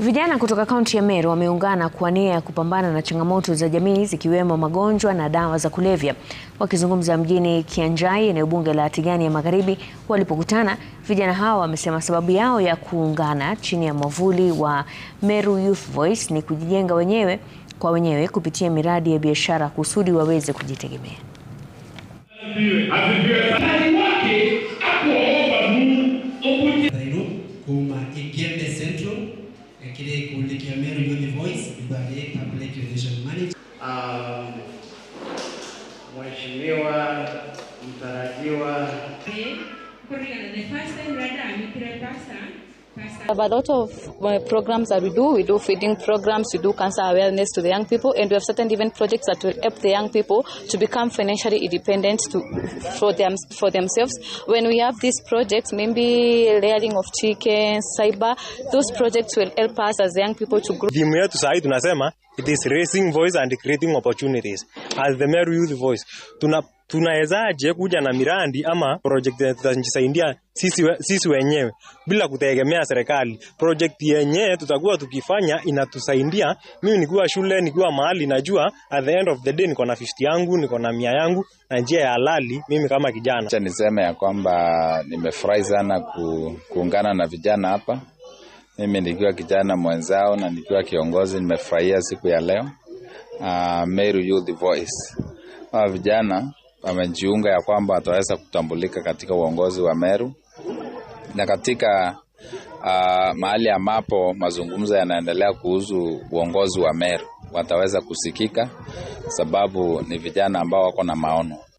Vijana kutoka kaunti ya Meru wameungana kwa nia ya kupambana na changamoto za jamii zikiwemo magonjwa na dawa za kulevya. Wakizungumza mjini Kianjai, eneo bunge la Tigani ya Magharibi, walipokutana, vijana hao wamesema sababu yao ya kuungana chini ya mwavuli wa Meru Youth Voice ni kujijenga wenyewe kwa wenyewe kupitia miradi ya biashara kusudi waweze kujitegemea. kile Kiamero Youth Voice baadaye Public Relations Manager. Um, Mheshimiwa mtarajiwa. Okay. For the first time, rather, I'm have a lot of uh, programs that we do, we do feeding programs, we do cancer awareness to the young people, and we have certain even projects that will help the young people to become financially independent to, for, them, for themselves. When we have these projects, maybe layering of chicken, cyber, those projects will help us as young people to grow. yetu sahii tunasema it is raising voice and creating opportunities as the Meru youth voice. Tuna tunawezaje kuja na miradi ama project zitajisaidia sisi, we, sisi wenyewe bila kutegemea serikali. Project yenyewe tutakuwa tukifanya inatusaidia. Mimi nikiwa shule, nikiwa mahali, najua at the end of the day niko na 50 yangu, niko na mia yangu na njia ya halali, mimi kama kijana. Acha niseme ya kwamba nimefurahi sana ku, kuungana na vijana hapa, mimi nikiwa kijana mwenzao na nikiwa kiongozi, nimefurahia siku ya leo. Uh, Meru Youth Voice, hawa vijana wamejiunga ya kwamba wataweza kutambulika katika uongozi wa Meru na katika uh, mahali ambapo mazungumzo yanaendelea kuhusu uongozi wa Meru wataweza kusikika, sababu ni vijana ambao wako na maono.